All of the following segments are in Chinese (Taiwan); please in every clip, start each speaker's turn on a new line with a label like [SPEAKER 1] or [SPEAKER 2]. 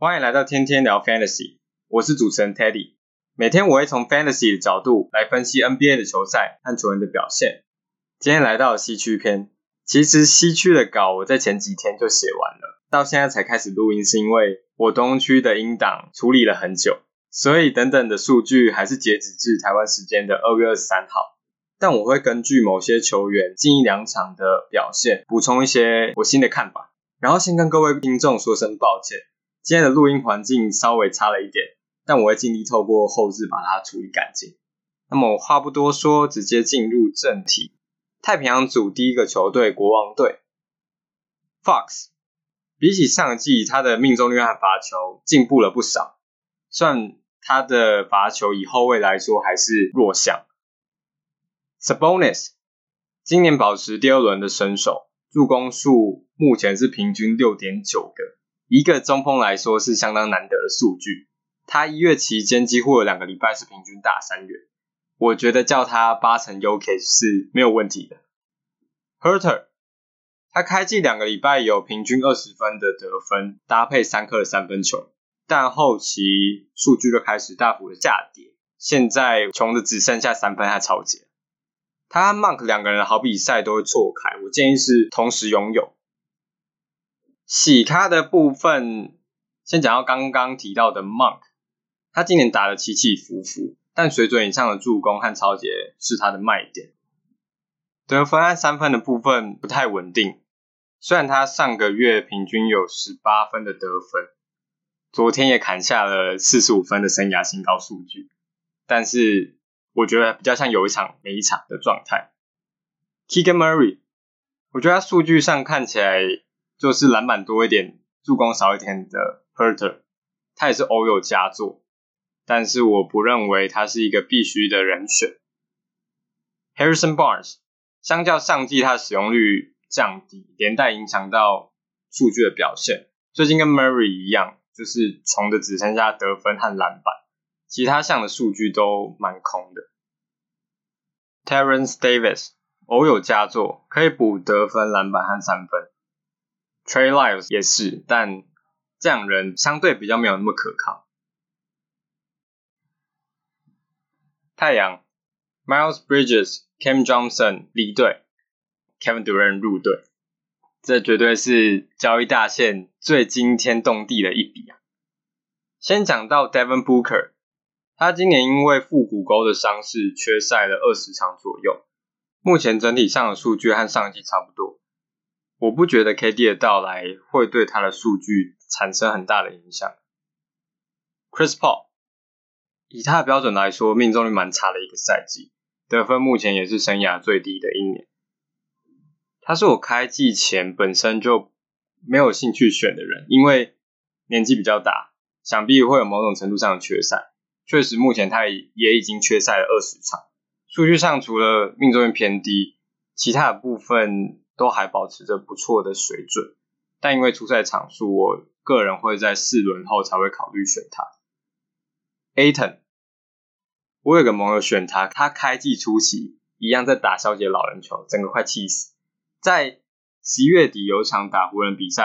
[SPEAKER 1] 歡迎來到天天聊 Fantasy，我是主持人 Teddy。每天我會從 fantasy 的角度來分析 NBA 的球賽和球員的表現。今天來到了西區篇，其實西區的稿我在前幾天就寫完了，到現在才開始錄音，是因為我東區的音檔處理了很久，所以等等的數據還是截止至台灣時間的二月二十三號。但我會根據某些球員近一兩場的表現，補充一些我新的看法。然後先跟各位聽眾說聲抱歉，今天的錄音環境稍微差了一點。但我會盡力透過後置把它處理乾淨。那麼我話不多說，直接進入正題。太平洋組第一個球隊國王隊，Fox，比起上季他的命中率和罰球進步了不少，算他的罰球以後衛來說還是弱項。Sabonis，今年保持第二輪的身手，助攻數目前是平均六點九個，一個中鋒來說是相當難得的數據。他一月期間幾乎有兩個禮拜是平均打三元，我覺得叫他八成 UK 是沒有問題的。Huerter 他開季兩個禮拜有平均二十分的得分，搭配三顆的三分球，但後期數據就開始大幅的下跌，現在窮的只剩下三分還超級。他和 Monk 兩個人好比賽都會錯開，我建議是同時擁有。其他的部分，先講到剛剛提到的 Monk。他今年打得起起伏伏，但水準以上的助攻和抄截是他的賣點。得分和三分的部分不太穩定，雖然他上個月平均有十八分的得分，昨天也砍下了四十五分的生涯新高數據，但是我覺得還比較像有一場沒一場的狀態。Keegan Murray，我覺得他數據上看起來就是籃板多一點、助攻少一點的 Huerter，他也是偶有佳作。但是我不認為他是一個必須的人選。Harrison Barnes 相較上季，他使用率降低，連帶影響到數據的表現。最近跟 Murray 一樣，就是窮的只剩下得分和籃板，其他項的數據都蠻空的。Terrence Davis 偶有佳作，可以補得分、籃板和三分。Trey Lyles 也是，但這樣人相對比較沒有那麼可靠。太陽，Miles Bridges、Cam Johnson 離隊，Kevin Durant 入隊，這絕對是交易大限最驚天動地的一筆啊！先講到 Devin Booker，他今年因為腹股溝的傷勢缺賽了二十場左右，目前整體上的數據和上一季差不多。我不覺得 KD 的到來會對他的數據產生很大的影響。Chris Paul。以他的標準來說，命中率蠻差的一個賽季，得分目前也是生涯最低的一年。他是我開季前本身就沒有興趣選的人，因為年紀比較大，想必會有某種程度上的缺賽。確實目前他也也已經缺賽了二十場，數據上除了命中率偏低，其他的部分都還保持着不錯的水準。但因為出賽場數，我個人會在四輪後才會考慮選他，Ayton。Ayton 我有個盟友選他，他開季初期一樣在打小姐老人球，整個快氣死。在十月底有場打湖人比賽，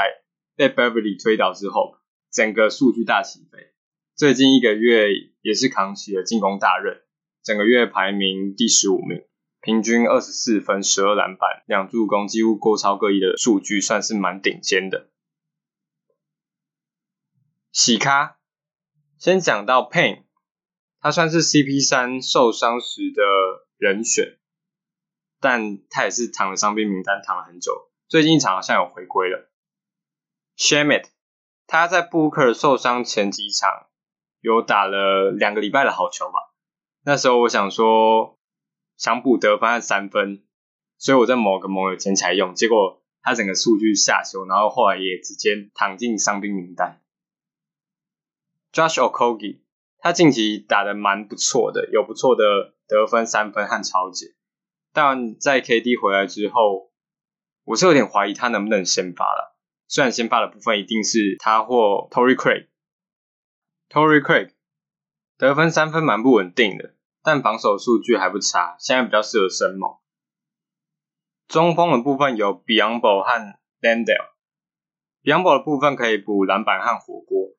[SPEAKER 1] 被 Beverley 推倒之後，整個數據大起飛。最近一個月也是扛起了進攻大任，整個月排名第十五名，平均二十四分、十二籃板、兩助攻，幾乎過超個億的數據，算是蠻頂尖的。喜咖，先講到 Payne 他算是 CP3 受傷時的人選，但他也是躺了傷兵名單躺了很久。最近一場好像有回歸了。Shamet，他在 Booker 受傷前幾場有打了兩個禮拜的好球吧。那時候我想說想補得分了三分，所以我在某個盟友前才用，結果他整個數據下修，然後後來也直接躺進傷兵名單。Josh Okogie 他近期打得蠻不錯的，有不錯的得分三分和抄截，但在 KD 回來之後，我是有點懷疑他能不能先發了。雖然先發的部分一定是他或 Tory Craig，Tory Craig 得分三分蠻不穩定的，但防守數據還不差，現在比較適合生猛。中鋒的部分有 Biyombo 和 Landale，Biyombo 的部分可以補籃板和火鍋。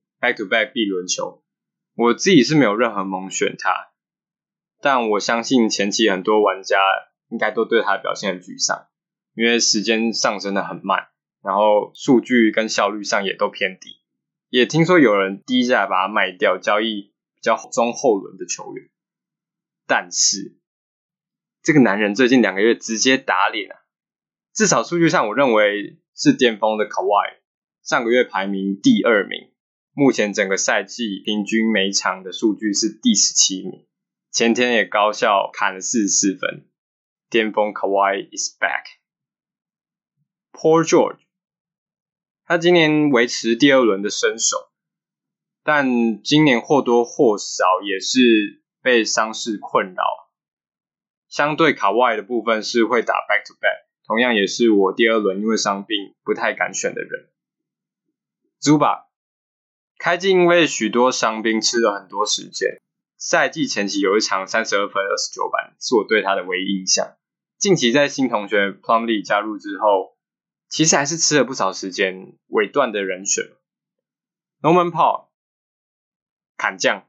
[SPEAKER 1] back back to back B 輪球，我自己是沒有任何矇選他，但我相信前期很多玩家應該都對他的表現很沮喪，因為時間上升的很慢，然後數據跟效率上也都偏低，也聽說有人低下來把他賣掉，交易比較中後輪的球員，但是這個男人最近兩個月直接打臉啊，至少數據上我認為是巔峰的卡哇伊，上個月排名第二名。目前整個賽季平均每場的數據是第十七名，前天也高效砍了四十四分，巔峰卡哇伊 is back。Paul George，他今年維持第二輪的身手，但今年或多或少也是被傷勢困擾，相對卡哇伊的部分是會打 back to back，同樣也是我第二輪因為傷病不太敢選的人 Zubac。開季因為許多傷兵吃了很多時間，賽季前期有一場三十二分二十九板，是我對他的唯一印象。近期在新同學 Plumlee 加入之後，其實還是吃了不少時間尾段的人選。Norman Powell，砍將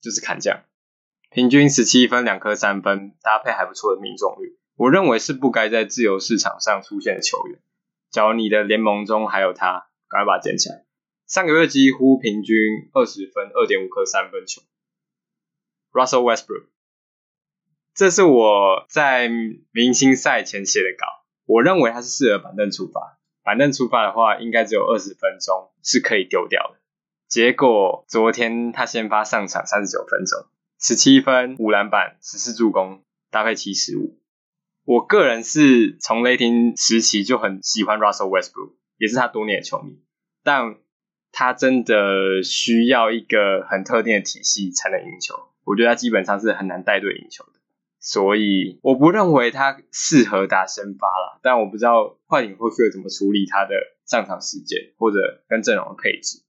[SPEAKER 1] 就是砍將，平均十七分兩顆三分，搭配還不錯的命中率，我認為是不該在自由市場上出現的球員。假如你的聯盟中還有他，趕快把它撿起來。上個月幾乎平均二十分二點五顆三分球。Russell Westbrook，這是我在明星賽前寫的稿，我認為他是適合板凳出發，板凳出發的話應該只有二十分鐘是可以丟掉的。結果昨天他先發上場三十九分鐘，十七分五籃板十四助攻，搭配七十五。我個人是從雷霆時期就很喜歡 Russell Westbrook，也是他多年的球迷，但。他真的需要一個很特定的體系才能贏球，我覺得他基本上是很難帶隊贏球的，所以我不認為他適合打先發啦。但我不知道快艇會不會怎麼處理他的上場時間或者跟陣容的配置。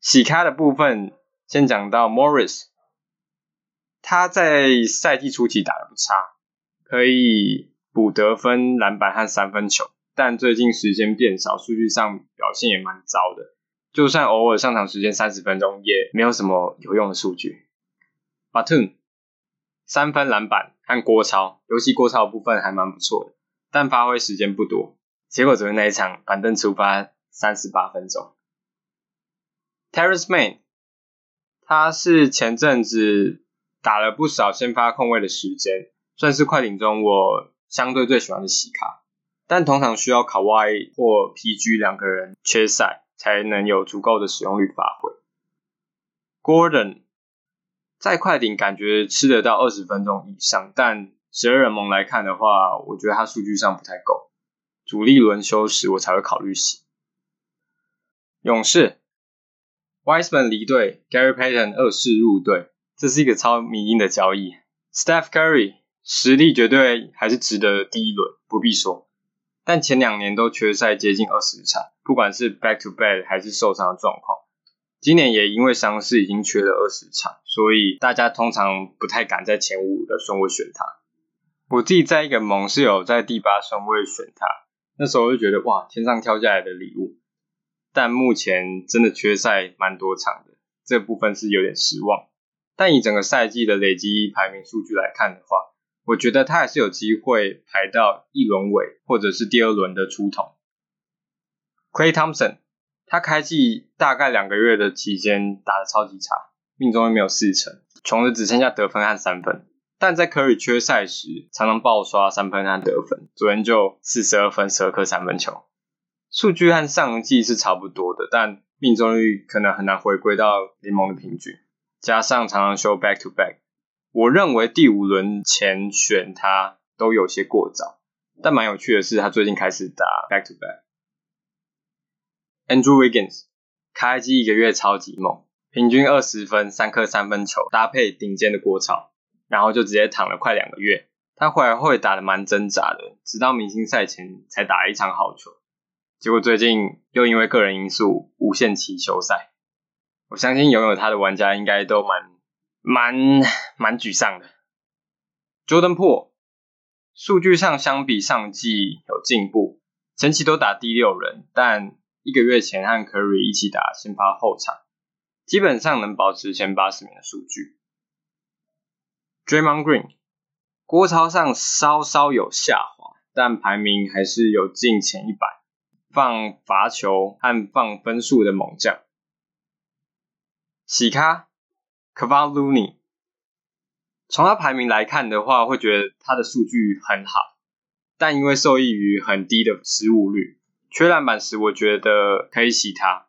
[SPEAKER 1] 洗咖的部分先講到 Morris，他在賽季初期打得不差，可以補得分、籃板和三分球。但最近時間變少，數據上表現也蠻糟的。就算偶爾上場時間三十分鐘，也沒有什麼有用的數據。巴頓三分籃板和鍋抄，尤其鍋抄部分還蠻不錯的，但發揮時間不多。結果只會那一場板凳出發三十八分鐘。Terance Mann，他是前陣子打了不少先發控衛的時間，算是快艇中我相對最喜歡的西卡。但通常需要 Kawhi 或 PG 兩個人缺賽，才能有足夠的使用率發揮。Gordon 在快艇感覺吃得到二十分鐘以上，但十二人盟來看的話，我覺得他數據上不太夠。主力輪休時我才會考慮洗。勇士，Wiseman 離隊，Gary Payton 二世入隊，這是一個超迷因的交易。Steph Curry 實力絕對還是值得第一輪，不必說。但前兩年都缺賽接近二十場，不管是 back to back 還是受傷的狀況，今年也因為傷勢已經缺了二十場，所以大家通常不太敢在前五,五的順位選他。我自己在一個盟是有在第八順位選他，那時候我就覺得哇，天上跳下來的禮物，但目前真的缺賽蠻多場的，這個、部分是有點失望。但以整個賽季的累積排名數據來看的話，我覺得他還是有機會排到一輪尾，或者是第二輪的出頭。Klay Thompson，他開季大概兩個月的期間打的超級差，命中率沒有四成，窮的只剩下得分和三分。但在 Curry 缺賽時，常常爆刷三分和得分，昨天就四十二分十二顆三分球，數據和上季是差不多的，但命中率可能很難回歸到聯盟的平均，加上常常秀 back to back。我認為第五輪前選他都有些過早，但蠻有趣的是，他最近開始打 back to back。Andrew Wiggins 開季一個月超級猛，平均二十分、三顆三分球，搭配頂尖的過槽，然後就直接躺了快兩個月。他回來會打得蠻掙扎的，直到明星賽前才打一場好球。結果最近又因為個人因素無限期休賽。我相信擁有他的玩家應該都蠻。蠻蠻沮喪的。Jordan Poole，數據上相比上季有進步，前期都打第六人，但一個月前和 Curry 一起打先發後場，基本上能保持前八十名的數據。Draymond Green，國潮上稍稍有下滑，但排名還是有近前一百，放罰球和放分數的猛將。喜咖。Kevon Looney，從他排名來看的話，會覺得他的數據很好，但因為受益於很低的失誤率，缺籃板時我覺得可以洗他。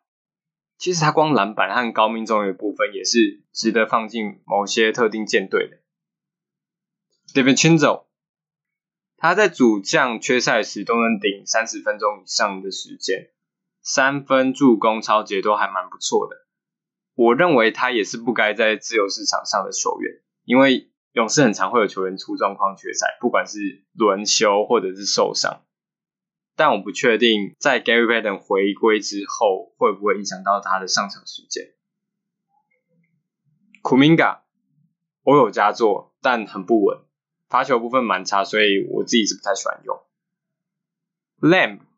[SPEAKER 1] 其實他光籃板和高命中率的部分也是值得放進某些特定艦隊的。DiVincenzo，他在主將缺賽時都能頂三十分鐘以上的時間，三分、助攻、抄截都還蠻不錯的。我認為他也是不該在自由市場上的球員，因為勇士很常會有球員出狀況缺賽，不管是輪休或者是受傷。但我不確定在 Gary Payton 回歸之後會不會影響到他的上場時間。Kuminga 我有佳作，但很不穩，罰球部分蠻差，所以我自己是不太喜歡用。Lamb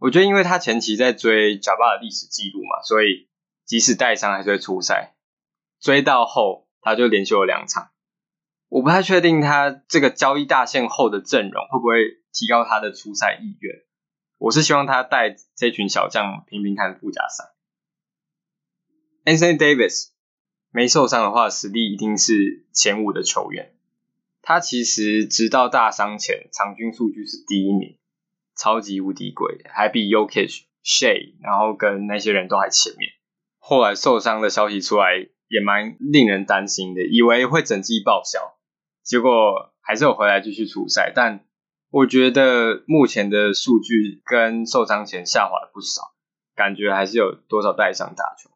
[SPEAKER 1] 我覺得，因為他前期在追賈巴的歷史記錄嘛，所以即使帶傷還是會出賽。追到後，他就連休了兩場。我不太確定他這個交易大限後的陣容會不會提高他的出賽意願。我是希望他帶這群小將拼拼看附加賽。Anthony Davis 沒受傷的話，實力一定是前五的球員。他其實直到大傷前，場均數據是第一名。超級無敵貴還比 Jokic、Shai，然後跟那些人都還前面。後來受傷的消息出來也蠻令人擔心的，以為會整季報銷，結果還是有回來繼續出賽。但我覺得目前的數據跟受傷前下滑了不少，感覺還是有多少帶傷打球。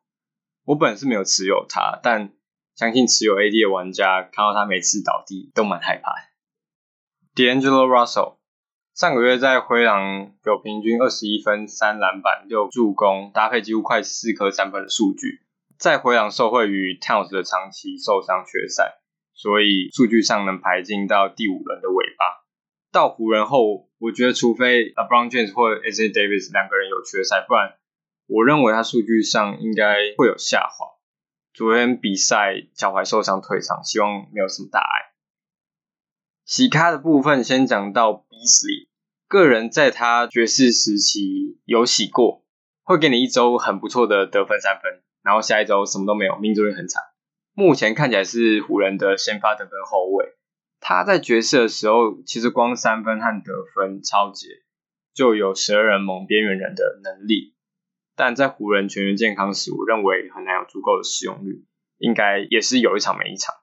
[SPEAKER 1] 我本是沒有持有他，但相信持有 AD 的玩家看到他每次倒地都蠻害怕。D'Angelo Russell。上個月在灰狼有平均二十一分，三籃板，六助攻，搭配幾乎快四顆三分的數據，在灰狼受惠於 Towns 的長期受傷缺賽，所以數據上能排進到第五輪的尾巴。到湖人後，我覺得除非 LeBron James 或 AJ Davis 兩個人有缺賽，不然我認為他數據上應該會有下滑。昨天比賽腳踝受傷退場，希望沒有什麼大礙。洗咖的部分先講到 Beasley，個人在他爵士時期有洗過，會給你一周很不錯的得分三分，然後下一周什麼都沒有，命中率很慘。目前看起來是湖人的先發得分後衛，他在爵士的時候其實光三分和得分超級，就有十二人盟邊緣人的能力，但在湖人全員健康時，我認為很難有足夠的使用率，應該也是有一場沒一場。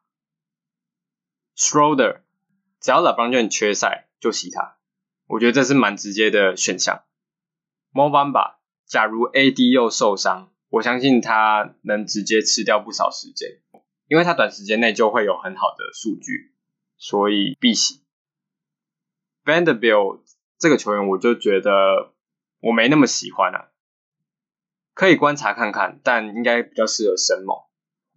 [SPEAKER 1] Schröder。只要 LeBron James 缺賽，就洗他。我覺得這是蠻直接的選項。莫班巴，假如 AD 又受傷，我相信他能直接吃掉不少時間，因為他短時間內就會有很好的數據，所以必洗。Vanderbilt 這個球員，我就覺得我沒那麼喜歡啊。可以觀察看看，但應該比較適合深盟。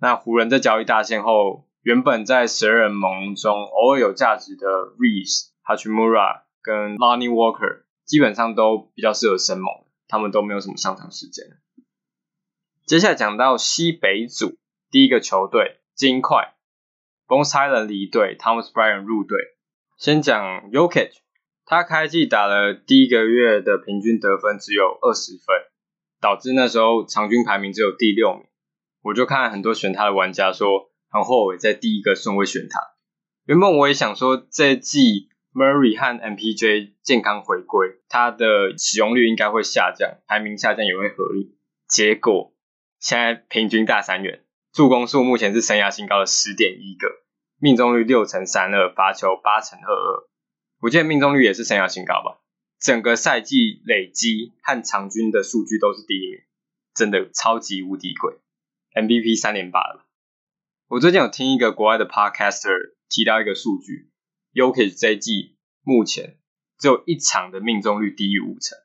[SPEAKER 1] 那湖人，在交易大限後。原本在蛇人盟中偶爾有價值的 Reese h a c h i m u r a 跟 l o n n y Walker 基本上都比較適合生盟，他們都沒有什麼上場時間。接下來講到西北組第一個球隊金塊 b s Allen 離隊，Thomas Bryan 入隊。先講 y o k i c 他開季打了第一個月的平均得分只有二十分，導致那時候場均排名只有第六名。我就看很多選他的玩家說。然後我在第一個順位選他。原本我也想說，這季 Murray 和 MPJ 健康回歸，他的使用率應該會下降，排名下降也會合理。結果現在平均大三元，助攻數目前是生涯新高的十點一個，命中率六成三二，罰球八成二二。我記得命中率也是生涯新高吧？整個賽季累積和場均的數據都是第一名，真的超級無敵貴 MVP 三連霸了。我最近有聽一個國外的 podcaster 提到一個數據，Jokic 這一季目前只有一場的命中率低於五成，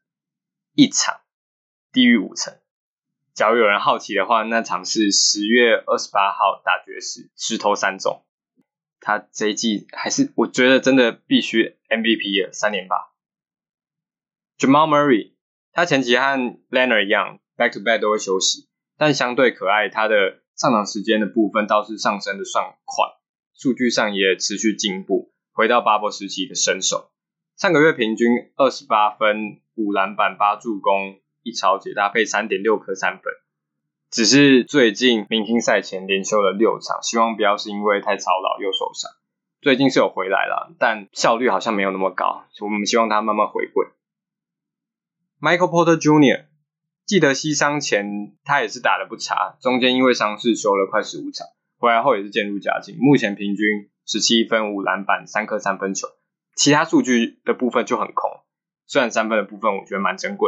[SPEAKER 1] 一場低於五成。假如有人好奇的話，那場是十月二十八號打爵士，十投三中。他這一季還是我覺得真的必須 MVP 了，三連霸。Jamal Murray 他前期和 Leonard 一樣，back to back 都會休息，但相對可愛他的。上場時間的部分倒是上升得算快，數據上也持續進步。回到巴博時期的身手，上個月平均二十八分、五籃板、八助攻、一抄截，搭配三點六顆三分。只是最近明星賽前連休了六場，希望不要是因為太操勞又受傷。最近是有回來了，但效率好像沒有那麼高。我們希望他慢慢回歸。Michael Porter Jr. 記得西傷前他也是打得不差，中間因為傷勢休了快十五場，回來後也是漸入佳境。目前平均十七分、五籃板、三顆三分球，其他數據的部分就很空。雖然三分的部分我覺得蠻珍貴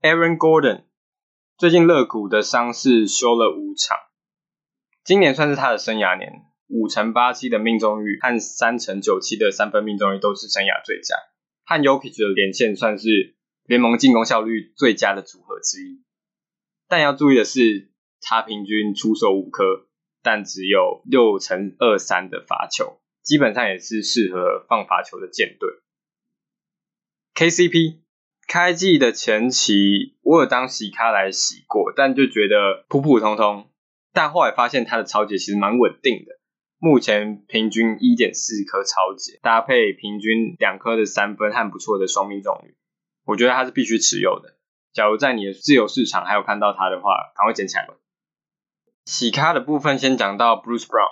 [SPEAKER 1] 的。Aaron Gordon 最近樂谷的傷勢休了五場，今年算是他的生涯年，五成八七的命中率和三成九七的三分命中率都是生涯最佳，和 Jokic 的連線算是。聯盟進攻效率最佳的組合之一，但要注意的是，他平均出手五顆，但只有六成二三的罰球，基本上也是適合放罰球的艦隊。KCP 開季的前期我有當洗咖來洗過，但就覺得普普通通，但後來發現他的抄截其實蠻穩定的，目前平均一點四顆抄截，搭配平均兩顆的三分，很不錯的雙命中率。我覺得他是必須持有的。假如在你的自由市場還有看到他的話，趕快撿起來吧。洗咖的部分先講到 Bruce Brown。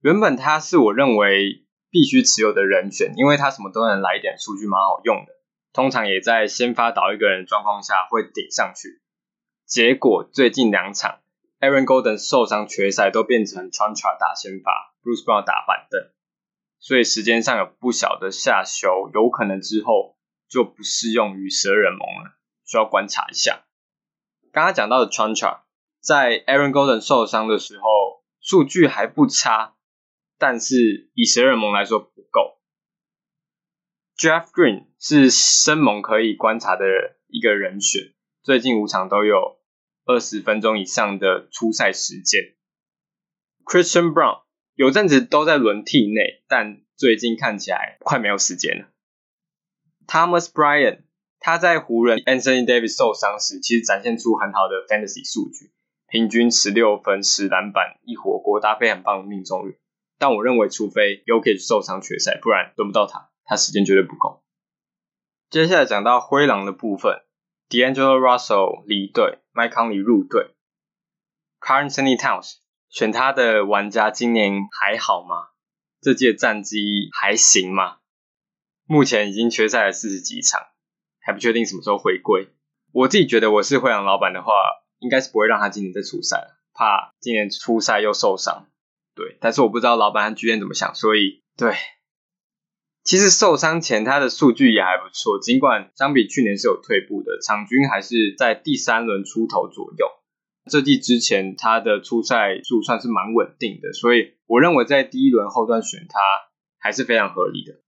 [SPEAKER 1] 原本他是我認為必須持有的人選，因為他什麼都能來一點數據，蠻好用的。通常也在先發倒一個人狀況下會頂上去。結果最近兩場 Aaron Gordon 受傷缺賽，都變成川茶打先發，Bruce Brown 打板凳。所以時間上有不小的下修，有可能之後。就不適用於蛇人盟了，需要觀察一下。剛剛講到的 Cancar 在 Aaron Gordon 受傷的時候數據還不差，但是以蛇人盟來說不夠。Jeff Green 是生盟可以觀察的一個人選，最近五場都有二十分鐘以上的出賽時間。Christian Brown 有陣子都在輪替內，但最近看起來快沒有時間了。Thomas Bryant，他在湖人 Anthony Davis 受傷時，其實展現出很好的 Fantasy 數據，平均十六分、十籃板、一火鍋，搭配很棒的命中率。但我認為，除非 Jokic 受傷缺賽，不然輪不到他，他時間絕對不夠。接下來講到灰狼的部分，D'Angelo Russell 離隊，麥康里入隊，Karl Anthony Towns，選他的玩家今年還好嗎？這屆戰績還行嗎？目前已經缺賽了四十幾場，還不確定什麼時候回歸。我自己覺得我是灰狼老板的話，應該是不會讓他今年再出賽了，怕今年出賽又受傷。對，但是我不知道老板他居然怎麼想，所以對。其實受傷前他的數據也還不錯，儘管相比去年是有退步的，場均還是在第三輪出頭左右。這季之前他的出賽數算是蠻穩定的，所以我認為在第一輪後段選他還是非常合理的。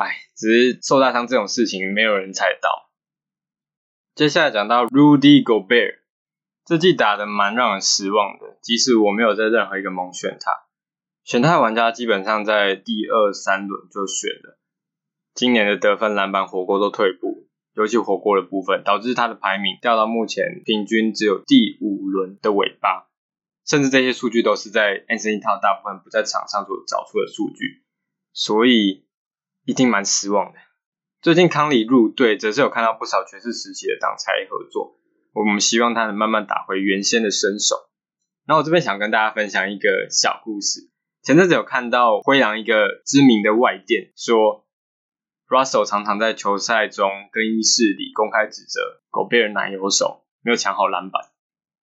[SPEAKER 1] 哎，只是受大傷這種事情沒有人猜到。接下來講到 Rudy Gobert，這季打得蠻讓人失望的，即使我沒有在任何一個盟選他，選他的玩家基本上在第二三輪就選了。今年的得分、籃板、火鍋都退步，尤其火鍋的部分，導致他的排名掉到目前平均只有第五輪的尾巴，甚至這些數據都是在 Anthony 套大部分不在場上所找出的數據，所以。一定蠻失望的。最近康里入隊，則是有看到不少爵士時期的擋拆合作。我們希望他能慢慢打回原先的身手。那我這邊想跟大家分享一個小故事。前陣子有看到灰狼一個知名的外電說，Russell 常常在球賽中更衣室裡公開指責狗貝爾男友手沒有搶好籃板。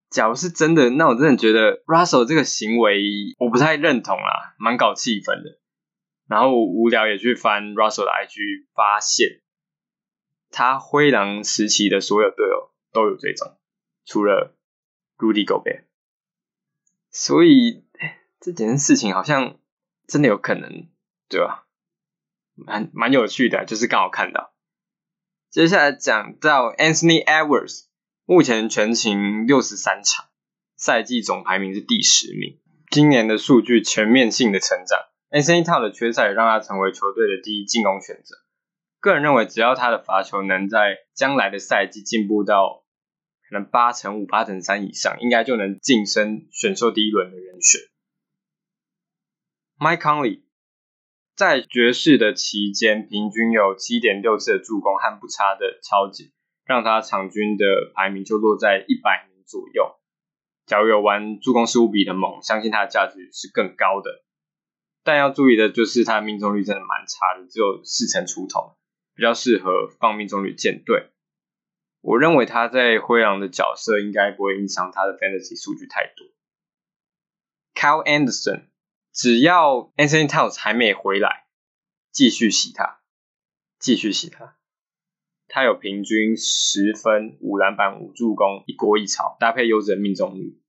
[SPEAKER 1] 假如是真的，那我真的覺得 Russell 這個行為我不太認同啊，蠻搞氣氛的。然後無聊也去翻 Russell 的 IG，發現他灰狼時期的所有隊友都有追蹤，除了 Rudy Gobert。所以這件事情好像真的有可能，對吧？蠻蠻有趣的，就是剛好看到。接下來講到 Anthony Edwards，目前全勤六十三場，賽季總排名是第十名。今年的數據全面性的成長。NCAA 的缺賽也讓他成為球隊的第一進攻選擇。個人認為，只要他的罰球能在將來的賽季進步到可能八成五、八成三以上，應該就能晉升選秀第一輪的人選。Mike Conley 在爵士的期間，平均有七點六次的助攻和不差的抄截，讓他場均的排名就落在一百名左右。假如有玩助攻失誤比的猛，相信他的價值是更高的。但要注意的就是，他的命中率真的蠻差的，只有四成出頭，比較適合放命中率建隊。我認為他在灰狼的角色應該不會影響他的 fantasy 數據太多。Kyle Anderson 只要 Anthony Towns 還沒回來，繼續洗他，繼續洗他。他有平均十分、五籃板、五助攻、一鍋一抄，搭配優質的命中率，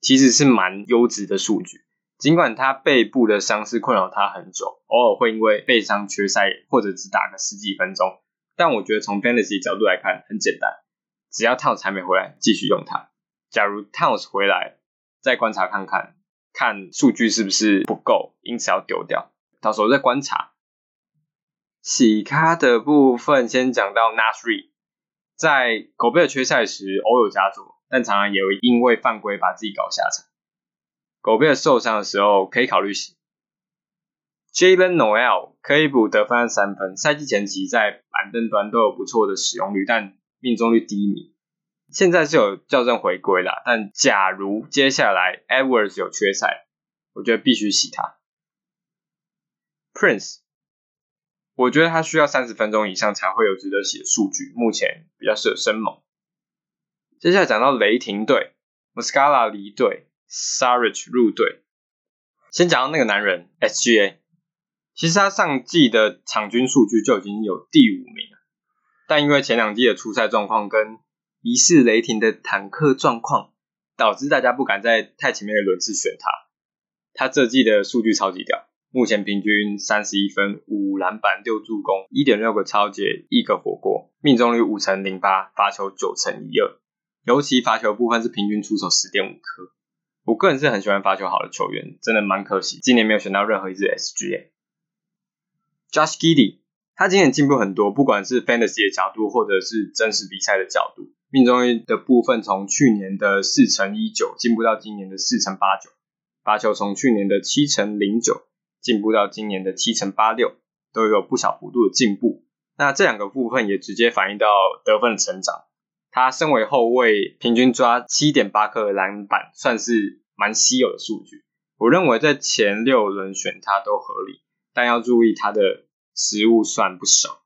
[SPEAKER 1] 其實是蠻優質的數據。儘管他背部的傷勢困擾他很久，偶爾會因為背傷缺賽或者只打個十幾分鐘，但我覺得從 fantasy 角度來看很簡單，只要 Towns 還沒回來，繼續用他。假如 Towns 回來，再觀察看看，看數據是不是不夠，因此要丟掉。到時候再觀察。洗咖的部分先講到 Nasri，在狗貝缺賽時偶有佳作，但常常也會因為犯規把自己搞下場。狗爾受傷的時候可以考慮洗。Jalen Noel 可以補得分三分，賽季前期在板凳端都有不錯的使用率，但命中率低迷。現在是有校正回歸了，但假如接下來 Edwards 有缺賽，我覺得必須洗他。Prince 我覺得他需要三十分鐘以上才會有值得洗的數據，目前比較適合生猛。接下來講到雷霆隊 m o s k a l a 離隊。Savage 入隊，先講到那個男人 SGA，其實他上季的場均數據就已經有第五名，但因為前兩季的出賽狀況跟疑似雷霆的坦克狀況，導致大家不敢在太前面的輪次選他。他這季的數據超級屌，目前平均三十一分、五籃板、六助攻、一點六個抄截、一個火鍋，命中率五成零八，罰球九成一二，尤其罰球部分是平均出手十點五顆。我個人，是很喜歡發球好的球員，真的蠻可惜，今年沒有選到任何一支 SGA。Josh g i d d y 他今年進步很多，不管是 Fantasy 的角度或者是真實比賽的角度，命中率的部分從去年的四成一九進步到今年的四成八九，發球從去年的七成零九進步到今年的七成八六，都有不小幅度的進步。那這兩個部分也直接反映到得分的成長。他身為後衛，平均抓七點八顆的籃板，算是蠻稀有的數據。我認為在前六輪選他都合理，但要注意他的失誤算不少。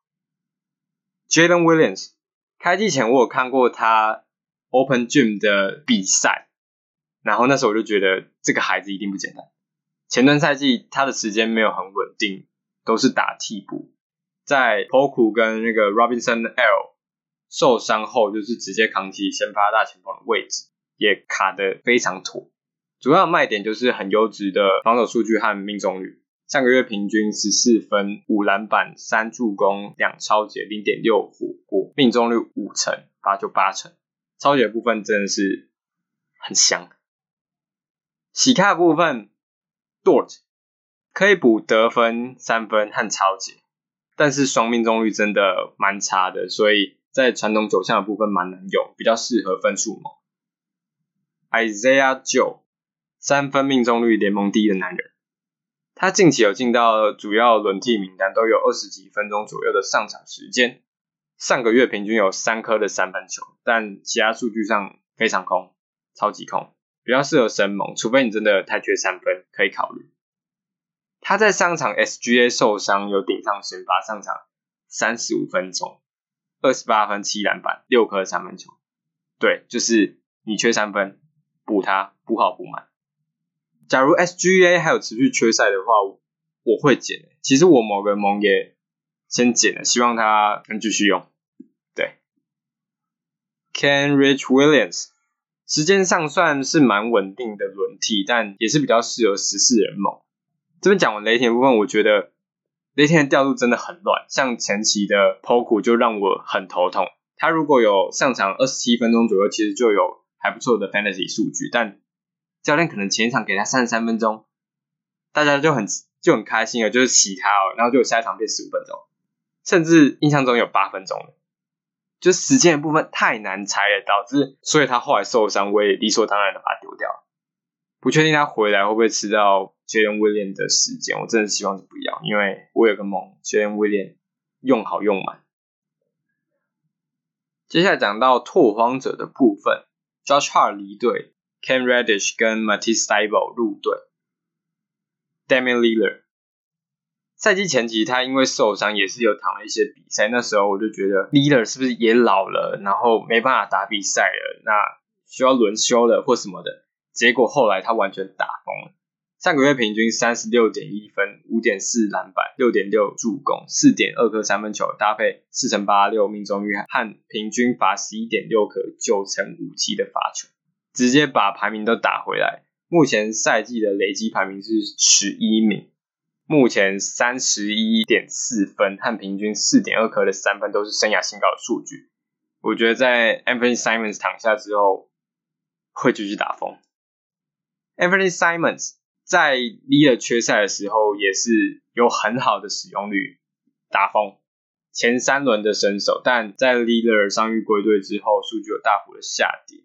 [SPEAKER 1] Jalen Williams，開季前我有看過他 Open Gym 的比賽，然後那時候我就覺得這個孩子一定不簡單。前段賽季他的時間沒有很穩定，都是打替補，在 Poku 跟那個 Robinson L。受傷後就是直接扛起先發大前鋒的位置，也卡得非常妥。主要的賣點就是很優質的防守數據和命中率。上個月平均十四分、五籃板、三助攻、兩抄截零點六火鍋，命中率五成八，罰球八成。抄截部分真的是很香。洗卡的部分，Dort 可以補得分、三分和抄截，但是雙命中率真的蠻差的，所以。在傳統走向的部分蠻難有比較適合分數盟。Isaiah Joe，三分命中率聯盟第一的男人，他近期有進到主要輪替名單，都有二十幾分鐘左右的上場時間，上個月平均有三顆的三分球，但其他數據上非常空，超級空，比較適合神盟，除非你真的太缺三分，可以考慮。他在上場 SGA 受傷，有頂上先發上場三十五分鐘。二十八分七籃板六顆三分球，對，就是你缺三分，補他補好補滿。假如 SGA 還有持續缺賽的話，我，我會減。其實我某個盟也先減了，希望他能繼續用。對，Kenrich Williams 時間上算是蠻穩定的輪替，但也是比較適合十四人盟。這邊講完雷霆部分，我覺得。那天的調度真的很亂，像前期的 Poku 就讓我很頭痛。他如果有上場二十七分鐘左右，其實就有還不錯的 fantasy 數據，但教練可能前一場給他三十三分鐘，大家就很就很開心了，就是其他哦，然後就下一場變十五分鐘，甚至印象中有八分鐘了，就時間的部分太難猜了，導致所以他後來受傷，我也理所當然的把他丟掉。不確定他回來會不會吃到。就用威廉的時間，我真的希望是不要，因為我有個夢，就用威廉，用好用滿。接下來講到拓荒者的部分，Josh Hart 離隊，Cam Reddish 跟 Matisse Thybulle 入隊，Damian Lillard。賽季前期他因為受傷也是有躺了一些比賽，那時候我就覺得 Lillard 是不是也老了，然後沒辦法打比賽了，那需要輪休了或什麼的。結果後來他完全打瘋了。上個月平均三十六點一分，五點四籃板，六點六助攻，四點二顆三分球，搭配四成八六命中率和平均罰十一點六顆九成五七的罰球，直接把排名都打回來。目前賽季的累積排名是十一名，目前三十一點四分和平均四點二顆的三分都是生涯新高的數據。我覺得在 Anfernee Simons 躺下之後，會繼續打瘋 Anfernee Simons。在 Lillard 缺賽的時候，也是有很好的使用率，打風前三輪的身手。但在 Lillard 傷癒歸隊之後，數據有大幅的下跌。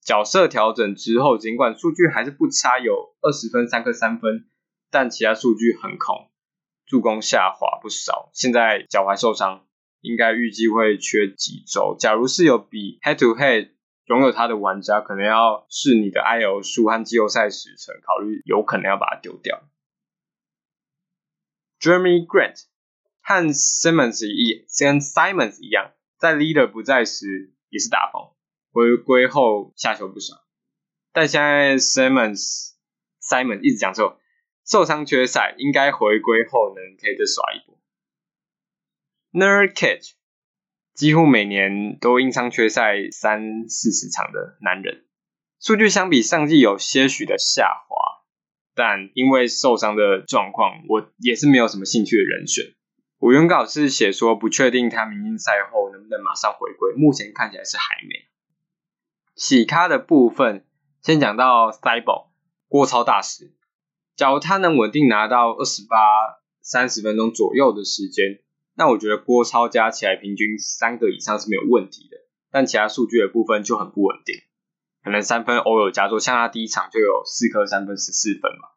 [SPEAKER 1] 角色調整之後，儘管數據還是不差，有20分、3個三分，但其他數據很空，助攻下滑不少。現在腳踝受傷，應該預計會缺幾週。假如是有比 head to head。擁有他的玩家可能要視你的 IL 數和季後賽時程考慮，有可能要把它丟掉。Jeremy Grant 和 Simons 一樣跟 Simons 一樣，在 Leader 不在時也是打崩，回歸後下球不爽。但現在 Simons Simon 一直講說受傷缺賽，應該回歸後能可以再耍一波。Nurkic。幾乎每年都因傷缺賽三四十場的男人，數據相比上季有些許的下滑，但因為受傷的狀況，我也是沒有什麼興趣的人選。我原稿是寫說不確定他明星賽後能不能馬上回歸，目前看起來是還沒。喜咖的部分先講到 Stable 郭超大師，假如他能穩定拿到二十八三十分鐘左右的時間。那我覺得鍋抄加起來平均三個以上是沒有問題的，但其他數據的部分就很不穩定，可能三分偶爾加多，像他第一場就有四顆三分十四分嘛。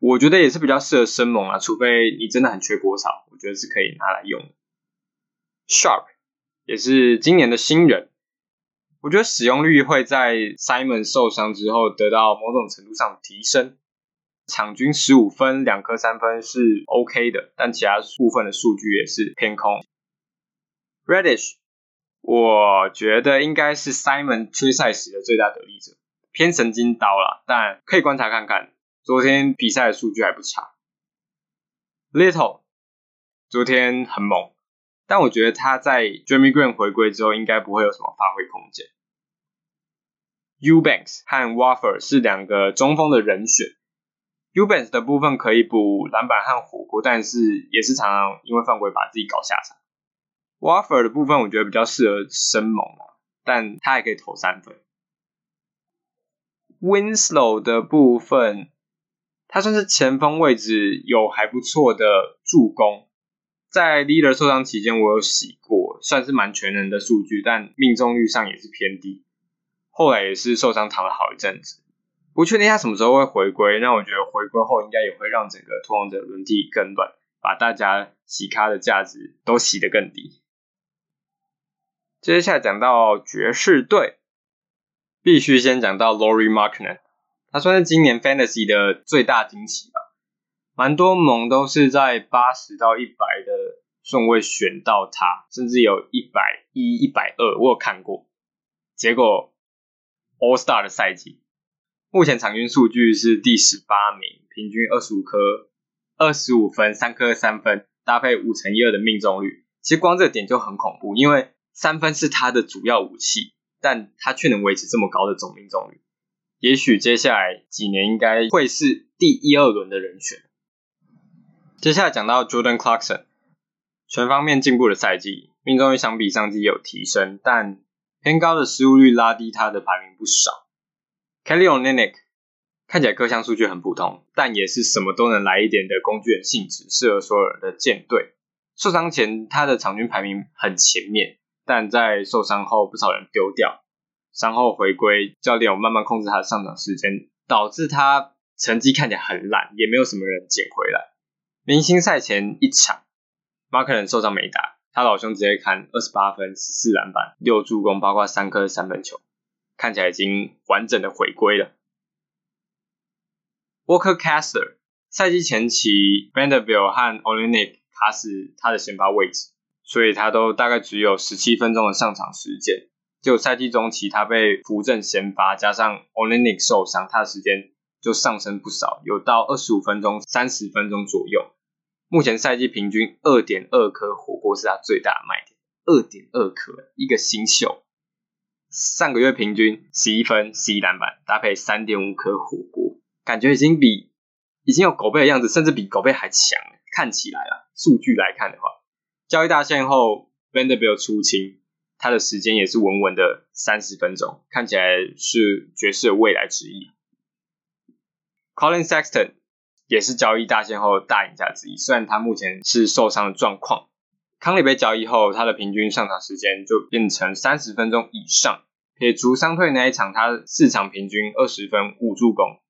[SPEAKER 1] 我覺得也是比較適合深盟啊，除非你真的很缺鍋抄，我覺得是可以拿來用的。Sharp 也是今年的新人，我覺得使用率會在 Simon 受傷之後得到某種程度上提升。場均十五分，兩顆三分是 OK 的，但其他部分的數據也是偏空。Reddish 我覺得應該是 Simon 缺賽時的最大得利者，偏神經刀了，但可以觀察看看，昨天比賽的數據還不差。Little 昨天很猛，但我覺得他在 Jimmy Green 回歸之後，應該不會有什麼發揮空間。Eubanks 和 Waffer 是兩個中鋒的人選。Ubens 的部分可以補籃板和火鍋，但是也是常常因為犯規把自己搞下場。Waiters 的部分我覺得比較適合生猛啊，但他也可以投三分。Winslow 的部分，他算是前鋒位置有還不錯的助攻，在 Leader 受傷期間我有洗過，算是蠻全能的數據，但命中率上也是偏低，後來也是受傷躺了好一陣子。不確定他什麼時候會回歸，那我覺得回歸後應該也會讓整個拓荒者輪替更亂，把大家洗卡的價值都洗得更低。接下來講到爵士隊，必須先講到 Lauri Markkanen，他算是今年 Fantasy 的最大驚喜吧，蠻多盟都是在八十到一百的順位選到他，甚至有一百一、一百二，我有看過。結果 All Star 的賽季。目前場均數據是第十八名，平均二十五顆，二十五分，三顆三分，搭配五成一二的命中率。其實光這點就很恐怖，因為三分是他的主要武器，但他卻能維持這麼高的總命中率。也許接下來幾年應該會是第一二輪的人選。接下來講到 Jordan Clarkson，全方面進步的賽季，命中率相比上季有提升，但偏高的失誤率拉低他的排名不少。Kelly Olynyk 看起來各項數據很普通，但也是什麼都能來一點的工具人性質，適合所有人的艦隊。受傷前他的場均排名很前面，但在受傷後不少人丟掉。傷後回歸，教練有慢慢控制他的上場時間，導致他成績看起來很爛，也沒有什麼人撿回來。明星賽前一場，Markkanen 受傷沒打，他老兄直接砍二十八分、十四籃板、六助攻，包括三顆三分球。看起來已經完整的回歸了。Walker Kessler 賽季前期 Vanderbilt 和 Olynyk 卡死他的先發位置，所以他都大概只有十七分鐘的上場時間。就賽季中期他被扶正先發，加上 Olynyk 受傷，他的時間就上升不少，有到二十五分鐘、三十分鐘左右。目前賽季平均二點二顆火鍋是他最大的賣點，二點二顆一個新秀。上個月平均十一分，十一籃板，搭配三點五顆火鍋，感覺已經比已經有狗背的樣子，甚至比狗背還強。看起來啊，數據來看的話，交易大限後，Vanderbilt 出清，他的時間也是穩穩的三十分鐘，看起來是爵士的未來之一。Colin Sexton 也是交易大限後的大贏家之一，雖然他目前是受傷的狀況。康利被交易後，他的平均上場時間就變成三十分鐘以上，撇除傷退那一場，他四場平均二十分五助攻，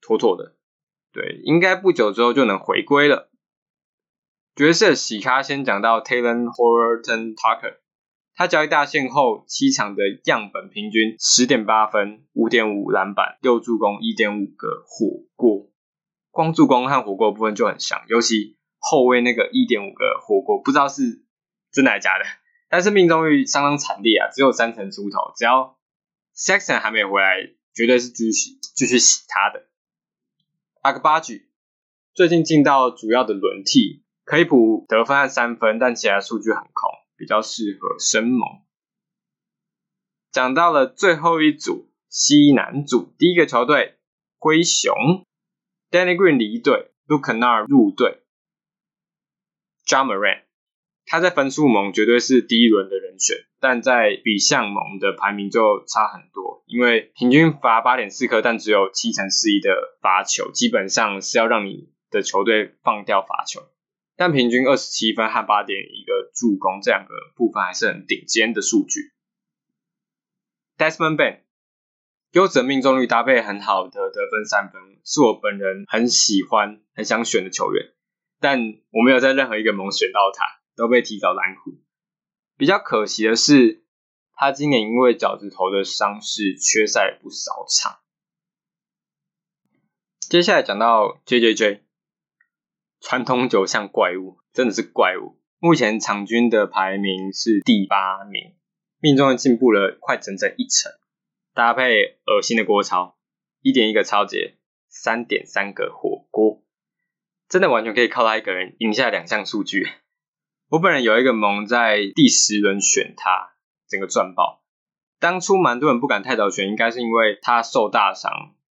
[SPEAKER 1] 妥妥的。對，應該不久之後就能回歸了。角色洗咖先講到 Talen Horton Tucker，他交易大限後七場的樣本平均十點八分，五點五籃板，六助攻，一點五個火鍋，光助攻和火鍋的部分就很香，尤其。後衛那個一點五個火鍋，不知道是真還是假的，但是命中率相當慘烈啊，只有三成出頭。只要 Sexton 還沒回來，絕對是繼續繼續洗他的。阿克巴舉最近進到主要的輪替，可以補得分和三分，但其他數據很空，比較適合生猛。講到了最後一組西南組第一個球隊灰熊，Danny Green 離隊，Luke Kennard 入隊。Ja Morant 他在分數盟絕對是第一輪的人選，但在比項盟的排名就差很多，因為平均罰八點四顆，但只有七成四一的罰球，基本上是要讓你的球隊放掉罰球。但平均二十七分和八點一個助攻，這兩個部分還是很頂尖的數據。Desmond Bane，優質命中率搭配很好的得分三分，是我本人很喜歡很想選的球員。但我沒有在任何一個盟選到他，都被提早攔胡。比較可惜的是，他今年因為腳趾頭的傷勢缺賽不少場。接下來講到 J J J，傳統九項怪物，真的是怪物。目前場均的排名是第八名，命中進步了快整整一成。搭配噁心的鍋抄，一點一個抄截，三點三個火鍋。真的完全可以靠他一個人贏下兩項數據。我本人有一個盟在第十輪選他，整個賺爆。當初蠻多人不敢太早選，應該是因為他受大傷，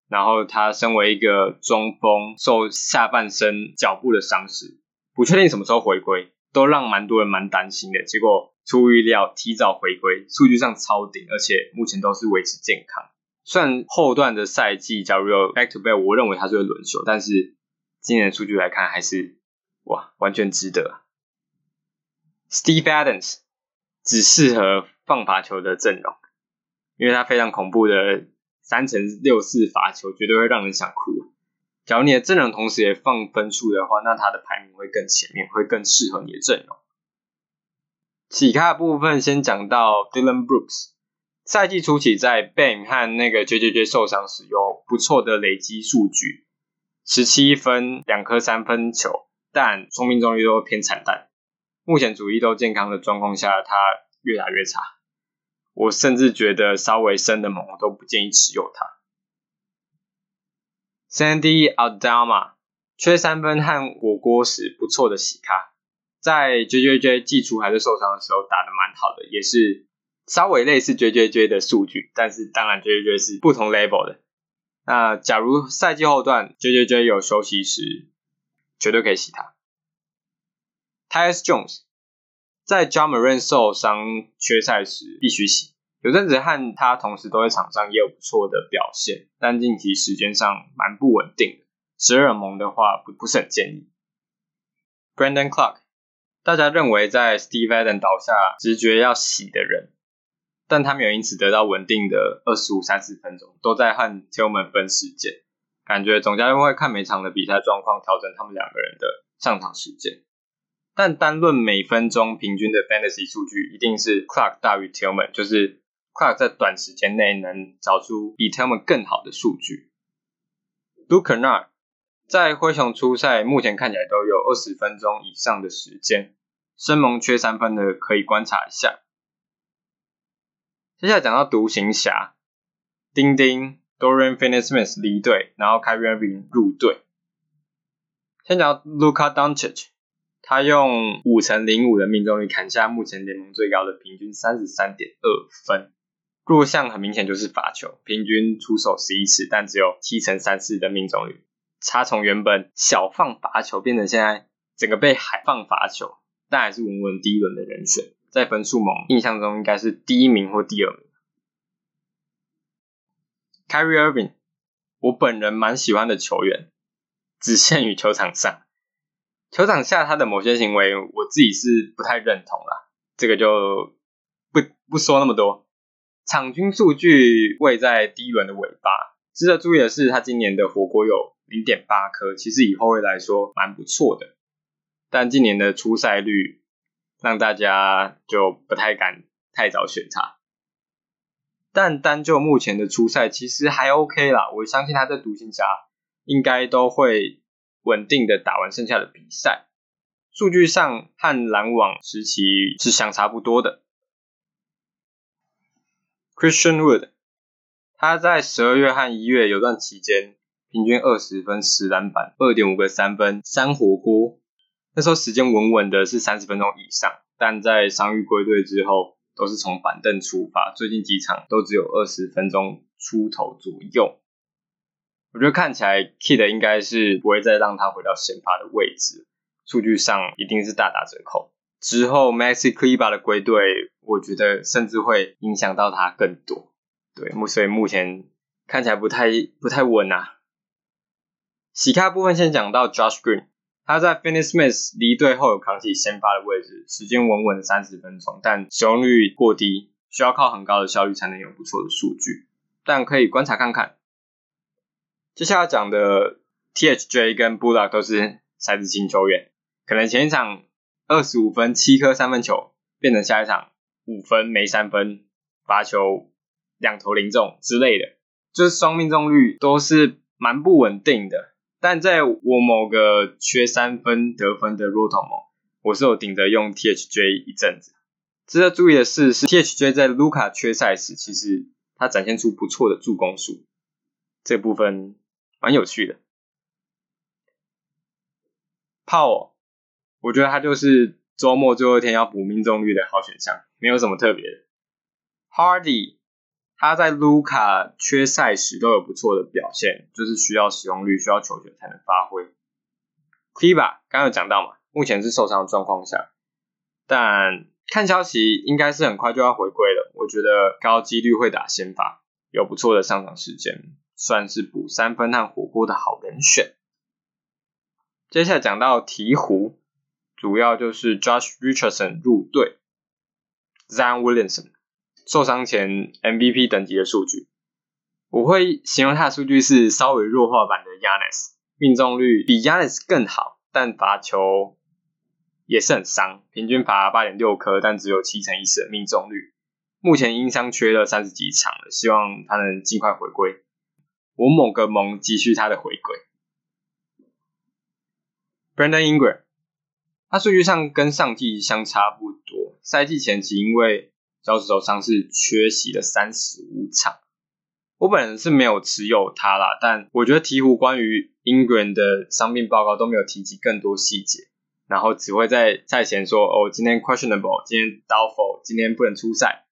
[SPEAKER 1] 然後他身為一個中鋒，受下半身腳部的傷勢，不確定什麼時候回歸，都讓蠻多人蠻擔心的。結果出乎意料，提早回歸，數據上超頂，而且目前都是維持健康。雖然後段的賽季，假如有 back to back，我認為他是會輪休，但是。今年的數據來看，還是哇，完全值得。Steve Adams 只適合放罰球的陣容，因為他非常恐怖的三成六四罰球，絕對會讓人想哭。假如你的陣容同時也放分數的話，那他的排名會更前面，會更適合你的陣容。其他的部分先講到 Dylan Brooks，賽季初期在 Ben 和那個 JJJ 受傷時，有不錯的累積數據。十七分兩顆三分球，但雙命中率都偏慘淡。目前主力都健康的狀況下，他越打越差。我甚至覺得稍微深的猛，我都不建議持有他。Sandy Aldama，缺三分和火鍋時不錯的喜卡，在 JJJ 季初還是受傷的時候打得蠻好的，也是稍微類似 JJJ 的數據，但是當然 JJJ 是不同 level 的。那假如賽季後段 J J J 有休息時，絕對可以洗他。Tyus Jones 在 Ja Morant 受傷缺賽時必須洗，有陣子和他同時都在場上也有不錯的表現，但近期時間上蠻不穩定的。十二人盟的話不不是很建議。Brandon Clark 大家認為在 Steven Adams 倒下直覺要洗的人。但他沒有因此得到穩定的二十五、三十分鐘，都在和 Tillman 分時間，感覺總教練會看每場的比賽狀況，調整他們兩個人的上場時間。但單論每分鐘平均的 Fantasy 數據，一定是 Clark 大於 Tillman，就是 Clark 在短時間內能找出比 Tillman 更好的數據。Luke Kennard 在灰熊出賽，目前看起來都有二十分鐘以上的時間，生蒙缺三分的可以觀察一下。接下來講到獨行俠，丁丁 （Dorian Finney-Smith） 離隊，然後 Kyrie Irving 入隊。先講到 Luka Doncic，他用五成零五的命中率砍下目前聯盟最高的平均三十三點二分。弱項很明顯就是罰球，平均出手十一次，但只有七成三四的命中率。他從原本小放罰球變成現在整個被海放罰球，但還是穩穩第一輪的人選。在分數盟印象中應該是第一名或第二名。Kyrie Irving，我本人蠻喜歡的球員，只限於球場上，球場下他的某些行為我自己是不太認同啦。這個就不不說那麼多。場均數據位在第一輪的尾巴，值得注意的是，他今年的火鍋有零點八顆，其實以後衛來說蠻不錯的，但今年的出賽率。讓大家就不太敢太早選他，但單就目前的出賽，其實還 OK 啦。我相信他在獨行俠應該都會穩定的打完剩下的比賽，數據上和籃網時期是相差不多的。Christian Wood，他在十二月和一月有段期間，平均二十分十籃板，二點五個三分，三火鍋。那時候時間穩穩的是三十分鐘以上，但在傷癒歸隊之後，都是從板凳出發。最近幾場都只有二十分鐘出頭左右。我覺得看起來 Kid 應該是不會再讓他回到先發的位置，數據上一定是大打折扣。之後 Maxi Kleber 的歸隊，我覺得甚至會影響到他更多。對，所以目前看起來不太不太穩啊。洗卡部分先講到 Josh Green。他在 Finney-Smith 離隊後有扛起先發的位置，時間穩穩的三十分鐘，但使用率過低，需要靠很高的效率才能有不錯的數據，但可以觀察看看。接下來講的 THJ 跟 Bullock 都是骰子型球員，可能前一場二十五分七顆三分球，變成下一場五分沒三分，罰球兩投零中之類的，就是雙命中率都是蠻不穩定的。但在我某個缺三分得分的 rotation 我是有頂着用 THJ 一陣子。值得注意的是，是，THJ 在盧卡缺賽時，其實他展現出不錯的助攻數，這部分蠻有趣的。Powell，我覺得他就是周末最後一天要補命中率的好選項，沒有什麼特別的。Hardy。他在盧卡缺賽時都有不錯的表現，就是需要使用率、需要球權才能發揮。Kiba 剛剛有講到嘛，目前是受傷的狀況下，但看消息應該是很快就要回歸了，我覺得高幾率會打先發，有不錯的上場時間，算是補三分和火鍋的好人選。接下來講到鵜鶘，主要就是 Josh Richardson 入隊，Zion Williamson。受傷前 MVP 等級的數據，我會形容他的數據是稍微弱化版的 Giannis，命中率比 Giannis 更好，但罰球也是很傷，平均罰八點六顆，但只有七成一次的命中率。目前因傷缺了三十幾場了，希望他能盡快回歸。我某個盟急需他的回歸。Brandon Ingram，他數據上跟上季相差不多，賽季前期因為腳趾受傷是缺席了三十五場。我本人是沒有持有他啦，但我覺得鹈鶘關於 Ingram 的傷病報告都沒有提及更多細節，然後只會在賽前說哦今天 questionable，今天 doubtful，今天不能出賽。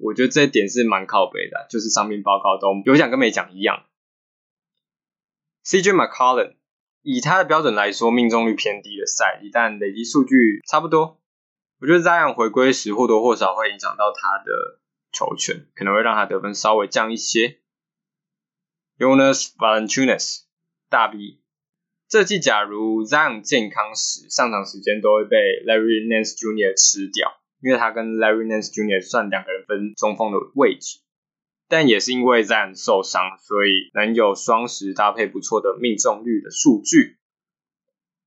[SPEAKER 1] 我覺得這一點是蠻靠北的，就是傷病報告都有講跟沒講一樣。CJ McCollum 以他的標準來說，命中率偏低的賽季，但累積數據差不多。我覺得 Zion 回歸時或多或少會影響到他的球權，可能會讓他得分稍微降一些。Jonas Valanciunas 大 B，這季假如 Zion 健康時，上場時間都會被 Larry Nance Jr. 吃掉，因為他跟 Larry Nance Jr. 算兩個人分中鋒的位置。但也是因為 Zion 受傷，所以能有雙十搭配不錯的命中率的數據。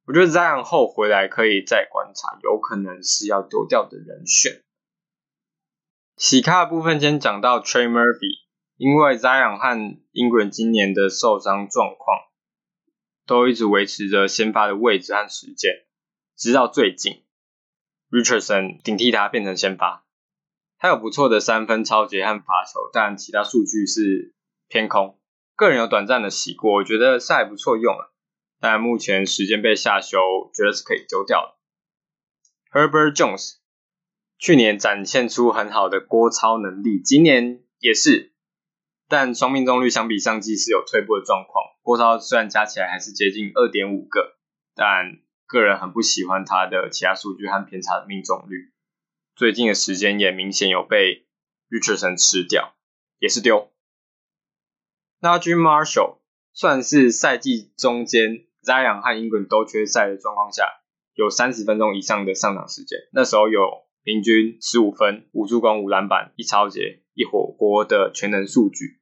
[SPEAKER 1] 我覺得 Zion 後回來可以再觀察，有可能是要丟掉的人選。洗卡的部分先講到 Trey Murphy 因為 Zion 和 Ingram 今年的受傷狀況都一直維持着先發的位置和時間，直到最近 Richardson 頂替他變成先發。他有不錯的三分、抄截和罰球，但其他數據是偏空。個人有短暫的洗過，我覺得尚還不錯用了、啊。但目前時間被下修，覺得是可以丟掉。Herbert Jones 去年展現出很好的郭超能力，今年也是，但雙命中率相比上季是有退步的狀況。郭超雖然加起來還是接近二點五個，但個人很不喜歡他的其他數據和偏差的命中率。最近的時間也明顯有被 Richardson 吃掉，也是丟。那 Naji Marshall 算是賽季中間。在 Zion 和英格都缺賽的狀況下，有三十分鐘以上的上場時間，那時候有平均十五分、五助攻、五籃板、一抄截、一火鍋的全能數據，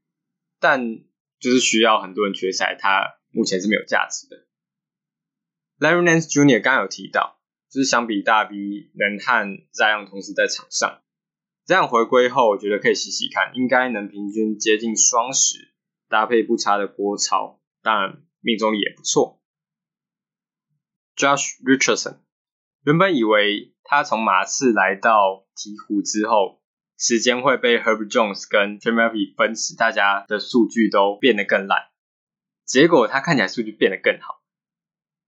[SPEAKER 1] 但就是需要很多人缺賽，他目前是沒有價值的。Larry Nance Jr. 剛有提到，就是相比大 B 能和 Zion 同時在場上，Zion 回歸後，我覺得可以洗洗看，應該能平均接近雙十，搭配不差的鍋抄，當然命中率也不錯。Josh Richardson，原本以為他從馬刺來到鵜鶘之後，時間會被 Herb Jones 跟 Trey Murphy 分食，大家的數據都變得更爛。結果他看起來數據變得更好。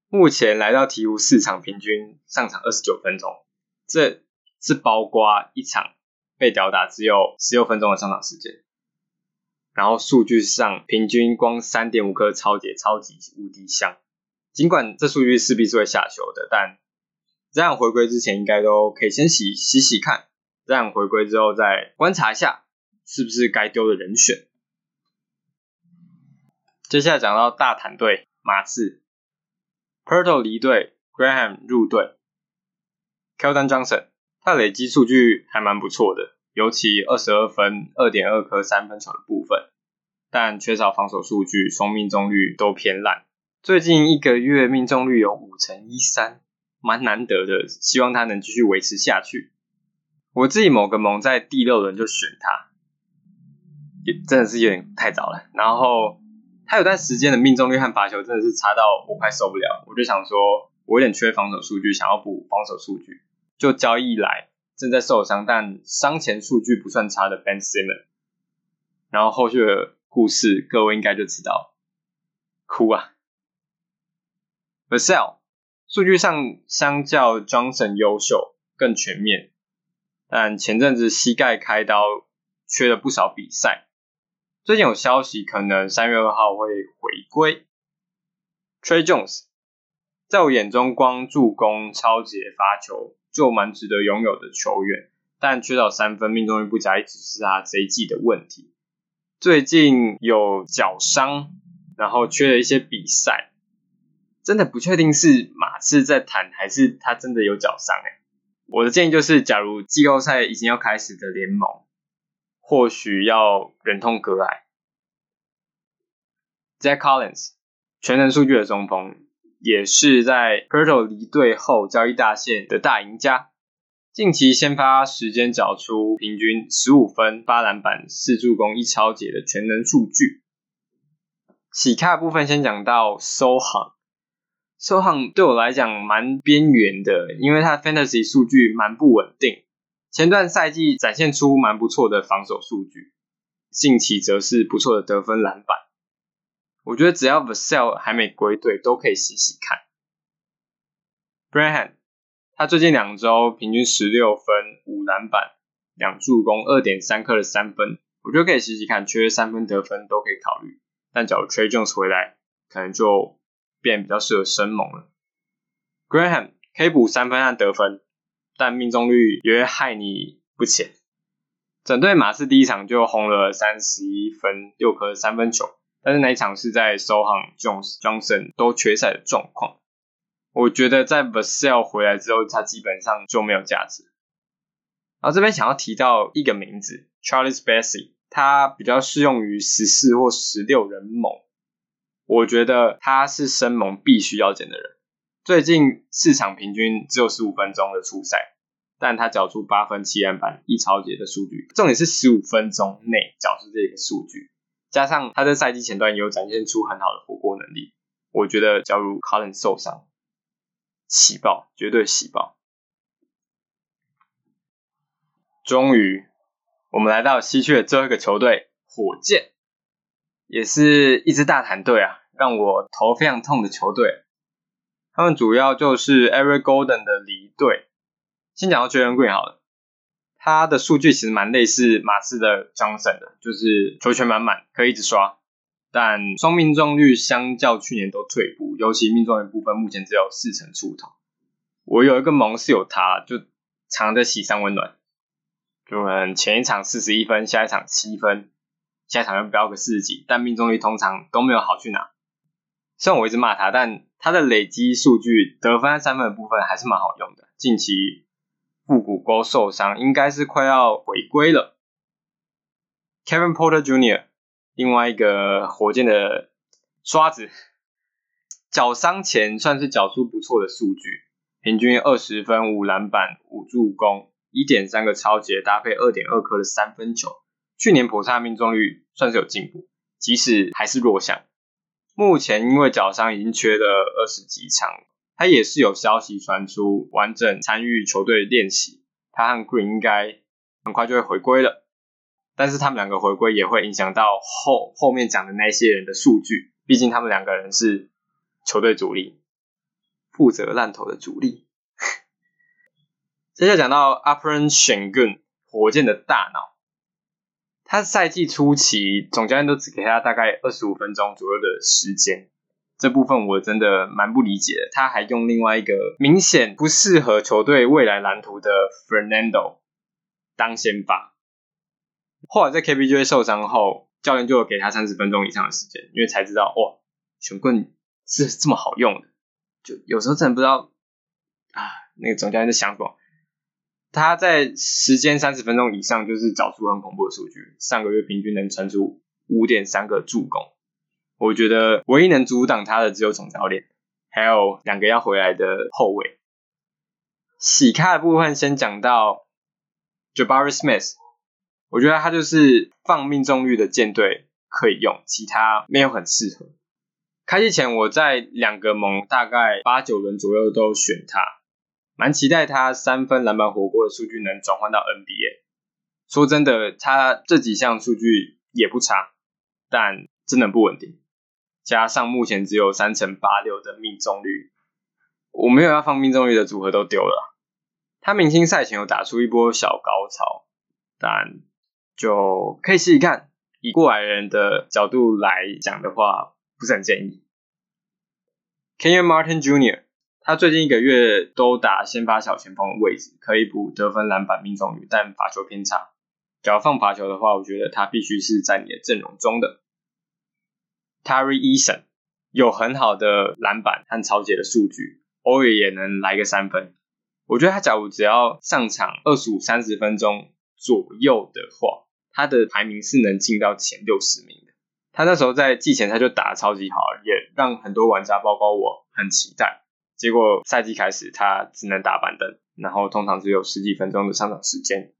[SPEAKER 1] 目前來到鵜鶘市場，平均上場二十九分鐘，這是包括一場被吊打只有十六分鐘的上場時間。然後數據上平均光三點五顆超級超級無敵香。儘管這數據勢必是會下修的，但這樣回歸之前，應該都可以先洗洗洗看，這樣回歸之後再觀察一下是不是該丟的人選。接下來講到大坦隊馬刺 Poeltl 離隊，Graham 入隊，Keldon Johnson，他累積數據還蠻不錯的，尤其二十二分、二點二顆三分球的部分，但缺少防守數據，雙命中率都偏爛。最近一個月命中率有五成一三，蠻難得的，希望他能繼續維持下去。我自己某個盟在第六輪就選他，也真的是有點太早了。然後他有段時間的命中率和罰球真的是差到我快受不了，我就想說，我有點缺防守數據，想要補防守數據，就交易來正在受傷但傷前數據不算差的 Ben Simmons。然後後續的故事各位應該就知道，哭啊！Vassell 數據上相較 Johnson 優秀，更全面，但前陣子膝蓋開刀，缺了不少比賽。最近有消息，可能三月二號會回歸。Tre Jones 在我眼中，光助攻、抄截、發球就蠻值得擁有的球員，但缺少三分命中率不佳，一直是他賽季的問題。最近有腳傷，然後缺了一些比賽。真的不確定是馬刺在談還是他真的有腳傷，欸？誒我的建議就是，假如季後賽已經要開始的聯盟，或許要忍痛割愛。Zach Collins，全能數據的中鋒，也是在 Poeltl 離隊後交易大限的大贏家。近期先發時間繳出平均十五分、八籃板、四助攻、一抄截的全能數據。西區部分先講到收行。Sohan 對我來講蠻邊緣的，因為他的 Fantasy 數據蠻不穩定，前段賽季展現出蠻不錯的防守數據，近期則是不錯的得分籃板。我覺得只要 Vassell 還沒歸隊，都可以洗洗看。Branham 他最近兩周平均十六分、五籃板、兩助攻、二點三克的三分，我覺得可以洗洗看，缺三分得分都可以考慮。但只要 Tre Jones 回來，可能就。便比較適合生猛了。Branham 可以補三分和得分，但命中率約害你不淺。整隊馬刺第一場就轟了三十一分，六顆三分球，但是那一場是在 Sochan Jones、Johnson 都缺賽的狀況。我覺得在 Vassell 回來之後，他基本上就沒有價值。然後這邊想要提到一個名字，Charles Bassey，他比較適用於十四或十六人猛。我覺得他是生猛必須要撿的人。最近市場平均只有十五分鐘的出賽，但他繳出八分七籃板一抄截的數據，重點是十五分鐘內繳出這個數據，加上他在賽季前段也有展現出很好的火鍋能力。我覺得假如 Collins 受傷，喜爆絕對喜爆。終於，我們來到西區的最後一個球隊——火箭。也是一支大團隊啊，讓我頭非常痛的球隊。他們主要就是 Eric Gordon 的離隊。先講到 Jalen Green 好了，他的數據其實蠻類似馬刺的 Johnson 的，就是球權滿滿，可以一直刷。但雙命中率相較去年都退步，尤其命中的部分，目前只有四成出頭。我有一個盟是有他，就常在洗三溫暖，就很前一場四十一分，下一場七分。下場要飆個四十幾，但命中率通常都沒有好去拿。雖然我一直罵他，但他的累積數據得分、三分的部分還是蠻好用的。近期腹股溝受傷，應該是快要回歸了。Kevin Porter Jr.，另外一個火箭的刷子，腳傷前算是繳出不錯的數據，平均二十分、五籃板、五助攻、一點三個抄截，搭配二點二顆的三分球。去年伯薩命中率算是有進步，即使還是弱項。目前因為腳傷已經缺了二十幾場，他也是有消息傳出，完整參與球隊練習。他和 Green 應該很快就會回歸了，但是他們兩個回歸也會影響到後後面講的那些人的數據，畢竟他們兩個人是球隊主力，負責爛投的主力。 接下來講到 Alperen Sengun，火箭的大腦。他賽季初期總教練都只給他大概二十五分鐘左右的時間，這部分我真的蠻不理解的。他還用另外一個明顯不適合球隊未來藍圖的 Fernando 當先發。後來在 KPJ 受傷後，教練就會給他三十分鐘以上的時間，因為才知道哇，球、哦、棍這是這麼好用的。就有時候真的不知道啊，那個總教練的想法。他在時間三十分鐘以上，就是找出很恐怖的數據。上個月平均能傳出五點三個助攻，我覺得唯一能阻擋他的只有總教練，還有兩個要回來的後衛。喜卡的部分先講到 Jabari Smith，我覺得他就是放命中率的艦隊可以用，其他沒有很適合。開季前我在兩個盟大概八九輪左右都選他。蠻期待他三分籃板火鍋的數據能轉換到 NBA。說真的，他這幾項數據也不差，但真的不穩定。加上目前只有三成八六的命中率，我沒有要放命中率的組合都丟了。他明星賽前有打出一波小高潮，但就可以試試看。以過來人的角度來講的話，不是很建議。Kenyon Martin Jr. 他最近一個月都打先發小前鋒的位置，可以補得分、籃板、命中率，但罰球偏差。假如放罰球的話，我覺得他必須是在你的陣容中的。Tari Eason 有很好的籃板和抄截的數據，偶爾也能來個三分。我覺得他假如只要上場二十五、三十分鐘左右的話，他的排名是能進到前六十名的。他那時候在季前他就打得超級好，也、yeah, 讓很多玩家，包括我很期待。結果賽季開始，他只能打板凳，然後通常只有十幾分鐘的上場時間，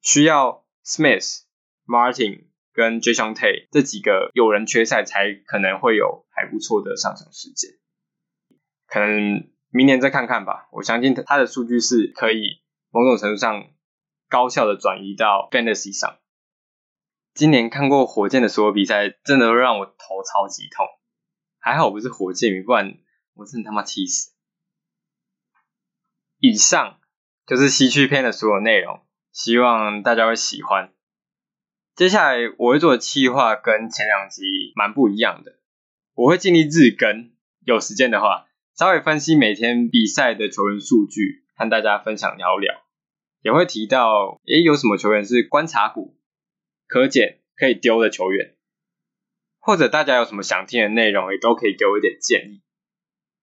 [SPEAKER 1] 需要 Smith、Martin 跟 Jae'Sean Tate 這幾個有人缺賽才可能會有還不錯的上場時間，可能明年再看看吧。我相信他的數據是可以某種程度上高效地轉移到 Fantasy 上。今年看過火箭的所有比賽，真的都讓我頭超級痛，還好不是火箭迷，不然。我真的他媽氣死！以上就是西區篇的所有內容，希望大家會喜歡。接下來我會做的企劃跟前兩集蠻不一樣的，我會盡力日更，有時間的話稍微分析每天比賽的球員數據，和大家分享聊聊，也會提到誒有什麼球員是觀察股、可減、可以丟的球員，或者大家有什麼想聽的內容，也都可以給我一點建議。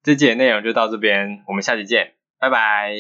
[SPEAKER 1] 這期的內容就到這邊，我們下期見，拜拜。